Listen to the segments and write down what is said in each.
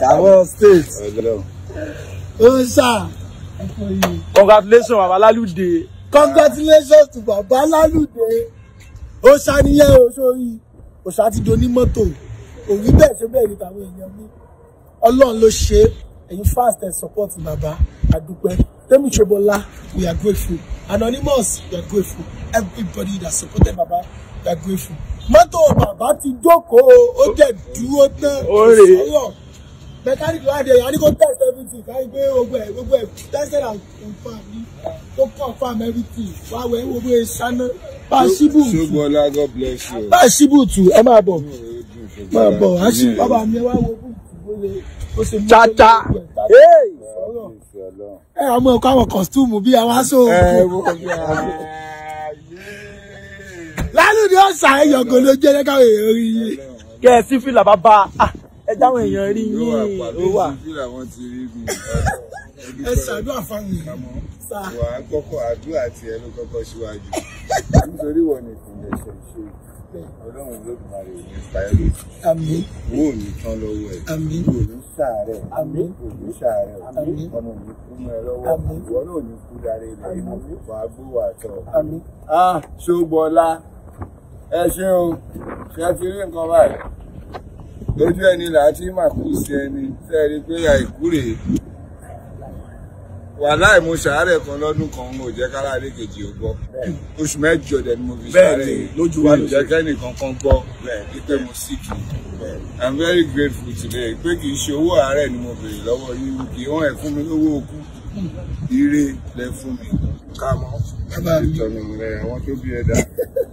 Gabon state. Ó ṣá. Congratulations Bàbá Lálùdé. Congratulations to Bàbá Lálùdé. Ó ṣá níyẹn o sórí. Òṣà ti do onímọ́tò. Òwí bẹ́ẹ̀ ṣe bẹ́ẹ̀ ni tàwọn èèyàn mi. Ọlọ́run ló ṣe fast and support Baba. I do A dúpẹ́. Temi Chebola, we are grateful. Anonymous, we are grateful. Everybody that supported Baba, we are grateful mọ́tò bàbá ti jókòó ó jẹ́ dúró tán ìṣòro mẹkáníkì wá dé yàrá kó test everything káyí pé gbogbo ẹ̀ gbogbo ẹ̀ tested and confirm ní tó confirm everything wá wẹ̀ ń wo bóyá sáná bá ṣíbù tù bá ṣíbù tù ẹ máa bọ̀ máa bọ̀ á sì bàbá mi ẹ wá wo bóyá ó ṣe mú tata ẹ àwọn ọkọ àwọn kọ̀stúmù bí àwọn aṣọ òkú yóò sàré yọ̀gàn ló jẹ́ káwọn èèyàn rí yín. kẹ ẹ sí fìlà bàbá ẹ dáwọn èèyàn rí yín ó wà. ẹ ṣàdúrà fáwọn èèyàn. wà á kọ́kọ́ àdúrà tí ẹ ló kọ́kọ́ síwájú nítorí wọn ni ìpìlẹ̀ ṣe ṣe ọlọ́run ló dùn àrè òní sáyẹ́lì. àmín. wo ò ní tán lọ́wọ́ ẹ̀. àmín. kò ní sàárẹ̀. àmín. kò ní sàárẹ̀. àmín. ọ̀nà òní kún ẹ lọ́wọ́. àmín. ìwọ náà ò ní kú darí ilẹ̀ ìlú. wàá gbówó àtọ̀. àmín. ah ṣó gbọ́lá ẹ ṣe nǹkan báyìí lójú ẹni láti má kú sí ẹni tẹ́ rí pé àìkú rèé wàláì mo ṣàárẹ̀ kan lọ́dún kan mo jẹ́ kára ilé kejì ò gbọ́ oṣù mẹ́jọ dẹ̀ ni mo fi ṣàárẹ̀ lójú wa ló jẹ́ kẹ́nì kankan gbọ́ pípé mo sì kì í I'm very grateful today pé kì í ṣe owó àárẹ̀ ni mo béèrè lọ́wọ́ yín kì í wọ́n ẹ̀ fún mi lówó okú ire lẹ fún mi ká mọ ìtọ́nu rẹ àwọn tó bí ẹ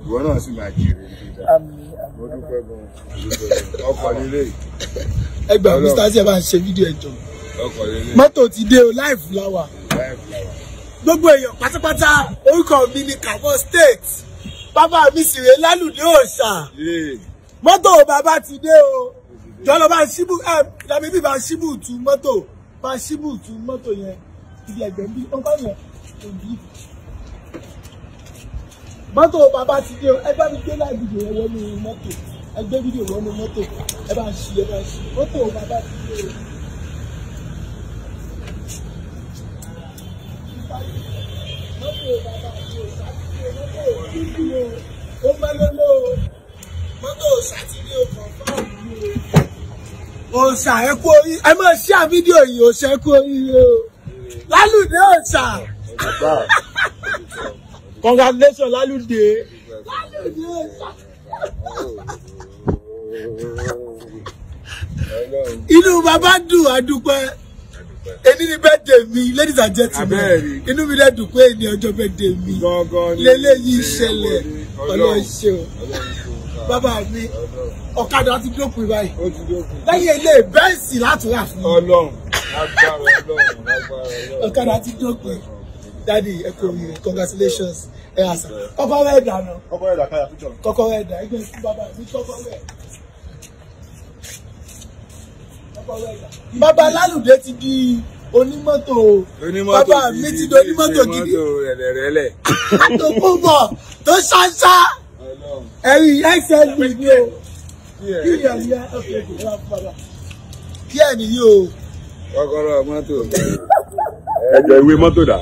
ìwọ náà sì máa jèrè mo dúpẹ́ gan ọkọ̀ lílé. ẹ gbà mr ṣe máa ń ṣe fídíò ẹjọ mọ́tò ti dé o láìfù láwà gbogbo èèyàn pátápátá orúkọ mi ni Kabod State bàbá mi sì rè lálùdé òòṣà mọ́tò bàbá ti dé o jọlọ bá ṣíbù ẹ dàbí bí bá ṣíbù tu mọ́tò bá ṣíbù tu mọ́tò yẹn ibi ẹ̀gbẹ́ bí ó kọ́ yẹn òbí. mọ́tò bàbá ti dé o ẹ bá mi gbé láìpẹ́ yẹn wọnú mọ́tò ẹ gbé fídíò wọnú mọ́tò ẹ bá ṣí ẹ bá ṣí mọ́tò bàbá ti dé o. mọ́tò bàbá ti o sátidé mọ́tò títí o ó máa o mọ́tò sátidé o kàn fáwọn òòṣà ẹ kú orí ẹ máa ṣí à fídíò yìí òòṣà ẹ kú oríire o lálùdé ọ̀sà. congratulations lálùdé. lálùdé ọ̀sà. inú bàbá dùn àdúpẹ́ èmi ni birthday mi ladies and gentlemen inú mi lè dùn pé èmi ọjọ́ birthday mi lélẹ́yìí ṣẹlẹ̀ ọlọ́ọ̀ṣẹ́ o bàbá mi ọ̀kadà ti dópin báyìí lẹ́yìn ilé bẹ́ẹ̀sì láti rà fún mi ọ̀kadà ti dópin dadi ẹ kò rí rẹ congratulations ẹ àṣà kọ́kọ́rọ́ ẹ̀dà náà kọ́kọ́rọ́ ẹ̀dà ẹgbẹ́ ìsìn bàbá mi kọ́kọ́rọ́ ẹ̀ bàbá lálùdé ti di onímọ́tò bàbá mi ti di onímọ́tò gidi àtòkùnbọ̀ tó ṣáṣá ẹ̀rí xlb ni o kí ẹ̀ nìyí o kọ́kọ́rọ́ mọ́tò ẹjọ ìwé mọ́tò dà.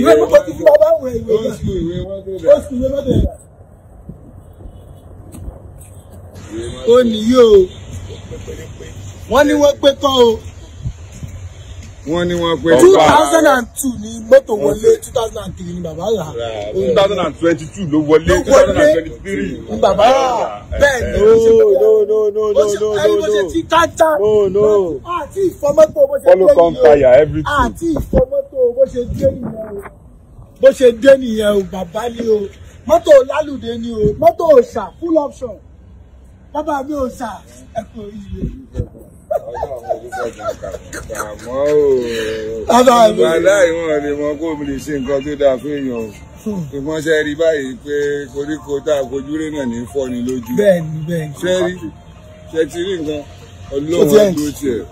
ìwé mọ́tò ti fi bàbá wọ ìwé náà ó sì ìwé mọ́tò dà. ó nìyí o wọ́n ní wọ́n pé tán o wọ́n ní wọ́n pé. two thousand and two ni mọ́tò wọlé two thousand and three ni bàbá rà. two thousand and twenty two ló wọlé two thousand and twenty three ni bàbá rà. bẹ́ẹ̀ ni o ṣe bẹ́ẹ̀ no no no no no no no no ti kájà. no no àti ìfọmọ́tò bó ṣe dé nìyẹn. follow come fire everything. àti ìfọmọ́tò bó ṣe dé nìyẹn o bó ṣe dé nìyẹn o bàbá ni o mọ́tò lálùdé ni o mọ́tò òòṣà full option bàbá mi òòṣà ẹ̀kọ́ ìlú àmọ́ ìmọ̀ṣẹ́ rí báyìí pé koríko tá a kojú rí náà ní fọ́ lójú ṣe rí ṣe ti rí nǹkan ọlọ́run á tiẹ̀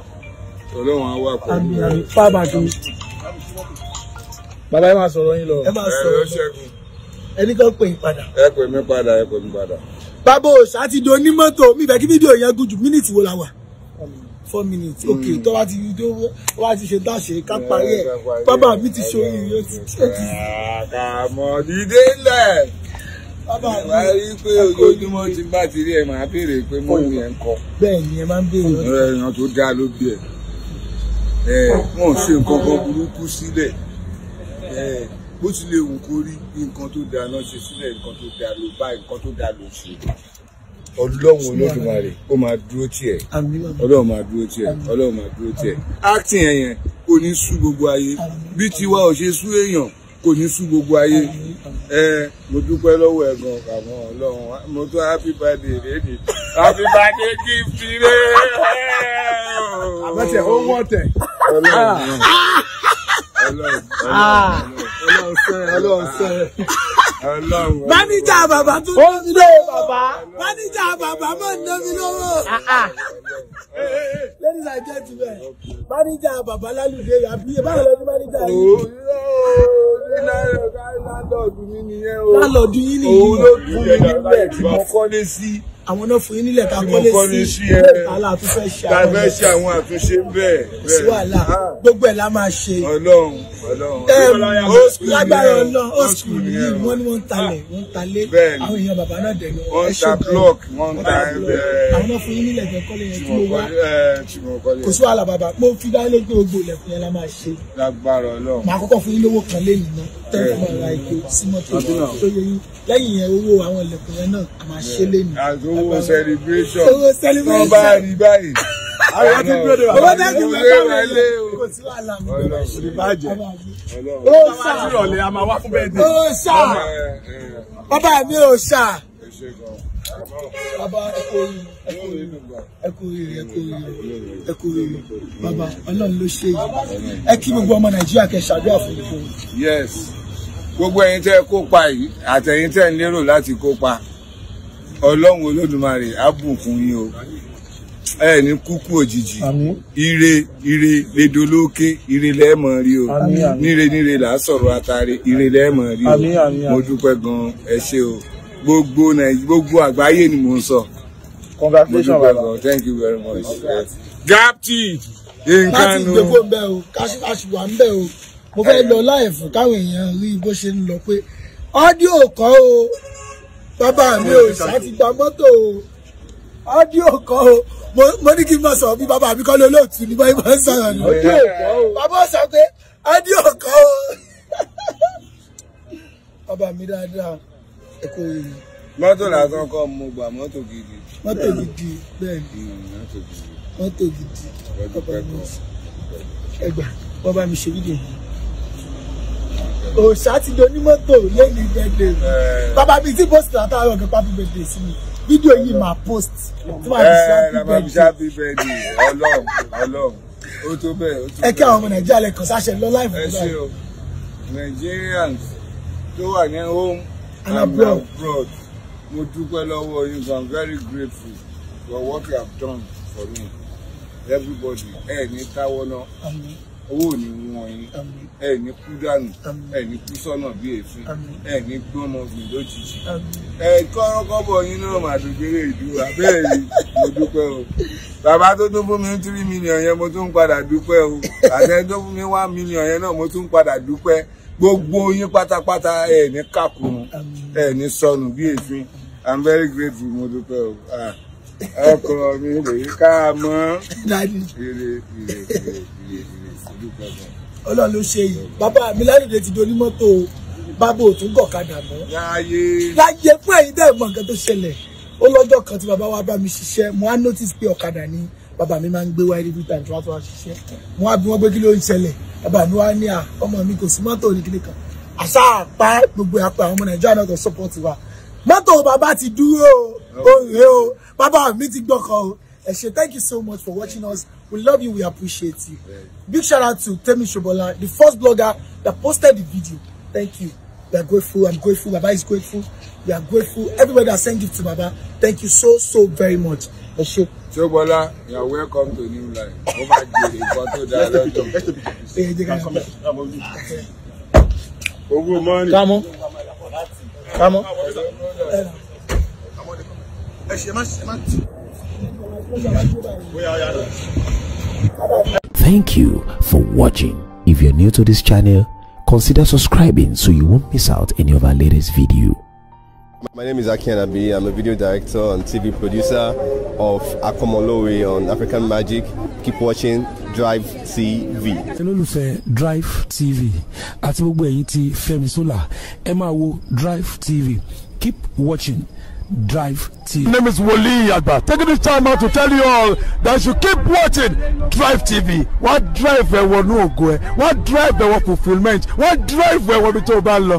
ọlọ́run á wà bàbá ẹ máa sọ̀rọ̀ yín lọ ẹni kan pè yín padà. ẹ pè mí padà ẹ pè mí padà. bàbá òòṣà ti di onímọ́tò mi ìfẹ́ kí fídíò yẹn gùn ju mínítì wo la wà four minutes Okay. Mm. tó bá ti tó bá ti ṣe dáṣe ká parí ẹ bàbá mi ti ṣe oyin yóò ti ṣe ti. àmọ́ dídé lẹ̀ bàbá mi wá rí pé ojoojúmọ́ tí bá ti rí ẹ̀ máa béèrè pé mo ní ẹ̀ ń kọ́. bẹ́ẹ̀ ni ẹ máa ń béèrè. ọ̀rọ̀ ẹ̀yàn tó dáa ló bí ẹ̀ ẹ̀ wọ́n ṣe nǹkan kan burúkú sílẹ̀ bó tilẹ̀ wù kó rí nǹkan tó dáa náà ṣe sílẹ̀ nǹkan tó dáa ló bá nǹkan tó dáa ló ṣe ọlọ́run olódùmarè ó máa dúró tiẹ̀ ọlọ́run máa dúró tiẹ̀ ọlọ́run máa dúró tiẹ̀ acting yẹn yẹn kò ní sú gbogbo ayé bí tiwa ò ṣe sú èèyàn kò ní sú gbogbo ayé ẹ mo dúpẹ́ lọ́wọ́ ẹ àwọn ọlọ́run mo tún happy birthday lẹ́nu happy birthday gift rẹ. àbẹ̀tẹ̀ ó wọ̀ tẹ̀. ọlọ́run ọlọ́run ọlọ́run sẹ́ ọlọ́run sẹ́. Máníjà bàbá tún ná lówó. Máníjà bàbá mọ̀ ná mi lówó. Ah, ah. Ladies and gentlemen, máníjà bàbá lálùdé àbí báwo lọ ní máníjà yìí? Lálọ́ọ̀dù yín nìyẹn o. Lálọ́ọ̀dù yín nìyẹn. Òun ló kú mi nílẹ̀ tí mo kọ́lé sí àwọn náà fún yín nílẹ̀ tá a kọ́lé sí wàhálà tó fẹ́ ṣe àwọn ọ̀rẹ́ ṣe àwọn àtúnṣe bẹ́ẹ̀ bẹ́ẹ̀ sí wàhálà ah. gbogbo ẹ̀ la máa ṣe. Ọlọ́run Ọlọ́run lágbára Ọlọ́run old yìí wọ́n ní wọ́n ń talẹ̀ ah. wọ́n ń talé àwọn èèyàn bàbá náà dẹ̀ ní wọ́n ṣe block wọ́n ń ta ẹgbẹ́. àwọn náà fún yín nílẹ̀ tẹ́ kọ́lé yẹn tí mo wá kò sí wàhálà bàbá mo fi dá tó ń fún ara ìgbé sí mọ́tò tó yẹ yín lẹ́yìn yẹn owó àwọn ilẹ̀kùn yẹn náà a máa ṣe lé ní. owó celebration owó celebration tó bá rí báyìí. àwọn ti gbé de wa owó tẹ́sí mi ká mi kò sí wàhálà mi kò sí bàjẹ́. ó sà ó sà bàbá mi ò sà bàbá ẹkọ yìí ẹkọ bàbá Ọlọ́run ló ṣe yìí ẹ kí gbogbo ọmọ Nàìjíríà kẹ́ ṣàdúrà fún ìfún. yes gbogbo ẹ̀yin tẹ́ kópa yìí àtẹ̀yin tẹ́ ń lérò láti kópa Ọlọ́run Olódùmarè á bùkún o ẹ ní kúkú òjijì ire ire ledolóke ire lẹ́ẹ̀mọ̀ rí o níre níre là ire lẹ́ẹ̀mọ̀ rí o mo dúpẹ́ gan ẹ ṣé o gbogbo gbogbo àgbáyé ni mò ń sọ. congratulations baba thank you very much. gapti nǹkan nu. láti gbogbo ń bẹ o káṣíwá ń bẹ o mo fẹ́ lọ láì fún káwọn èèyàn rí bó ṣe ń lọ pé ọ́díò kan o bàbá mi ò ṣàtìgbà mọ́tò o ọ́díò kan o mo ní kí n máa sọ̀rọ̀ bí bàbá mi kọ́ ló lóòtú ní báyìí máa ń sọ̀rọ̀ ni. bàbá sọ pé ọ́díò kan o bàbá mi dáadáa ẹ kó rí i. mọ́tò lásán kọ́ mo gbà mọ́tò gidi. mọ́tò gidi bẹ́ẹ̀ ni mm, mọ́tò gidi mọ́tò gidi bàbá mi ẹgbà bàbá mi ṣe fídíò yìí òòṣà ti di onímọ́tò lẹ́nu ìgbẹ́dẹ̀ bàbá mi ti post látàárọ̀ ọ̀gá pápí bẹ̀dẹ̀ sí mi fídíò yìí máa post tí màá fi ṣe happy birthday ọlọ́run ọlọ́run ó tó bẹ́ẹ̀ ó tó bẹ́ẹ̀. ẹ kí àwọn ọmọ nàìjíríà lẹ́kọ̀ọ́ sáṣẹ lọ́láìfù. ẹ ṣe o Nigerians tó wà ní home and abroad. abroad. Mo dúpẹ́ lọ́wọ́ you. I'm very grateful for what you have done for me. Everybody, ẹ ní táwọ́ náà. Owó ni wọ́n yín. Ẹ ní kú dànù. Ẹ ní kú sọ́nà bí èéfín. Ẹ ní gbọ́mọ mi lójijì. Ẹ kọ́rọ́kọ́bọ̀ yín náà mà dògbére ìdúrà. Bẹ́ẹ̀ni, mo dúpẹ́ o. Bàbá tó tún fún mi ní three million yẹn, mo tún ń padà dúpẹ́ o. Àtẹ tó fún mi one million yẹn náà, mo tún ń padà dúpẹ́ gbogbo yín pátápátá ẹ ní kàkùn ẹ ní sọnù bí èéfín i'm very grateful mo dúpẹ́ o ọkọ mi rèé ká mọ́ ire ire ire ire dúpẹ́ mọ́. ọlọ́run ló ṣe yìí bàbá mi lálùdẹ ti di onímọ́tò bàbá òtún gọ̀kadà mọ́ láyé láyé fún ẹ̀yin dẹ́ mọ̀ nǹkan tó ṣẹlẹ̀ ó lọ́jọ́ kan tí bàbá wa bá mi ṣiṣẹ́ mo á notice pé ọ̀kadà ni bàbá mi máa ń gbé wáyé níbi tàǹtí wá tó wá ṣiṣẹ́ mo á bí wọ́n gbé kí ló ń ṣẹlẹ̀ bàbá mi wá ní à ọmọ mi kò sí mọ́tò ní kíní kan àṣà àpá gbogbo àpá àwọn ọmọ nàìjíríà náà kò support wa mọ́tò bàbá ti dúró o òrè o bàbá mi ti gbọ́kọ̀ o ẹ ṣé thank you so much for watching us we love you we appreciate you big shout out to Temi Shobola, the first blogger that posted the video thank you we are grateful i'm grateful baba is grateful we are grateful everybody that sent gift to baba thank you so so very much you are welcome to new life tó Thank you for watching. If you're new to this channel, consider subscribing so you won't miss out any of our latest videos. My name is Aki Anabi. I'm a video director and TV producer of Akomolowe on African Magic. Keep watching Drive TV. olólùfẹ́ Drive TV àti gbogbo ẹ̀yin ti Fẹ́mi Sola ẹ Drive TV keep watching Drive TV. My name is Wole Agba. Taking this time out to tell you all that you keep watching Drive TV. What drive we want ògo ẹ̀, What drive we want fulfilment, What drive we want to o bá lọ,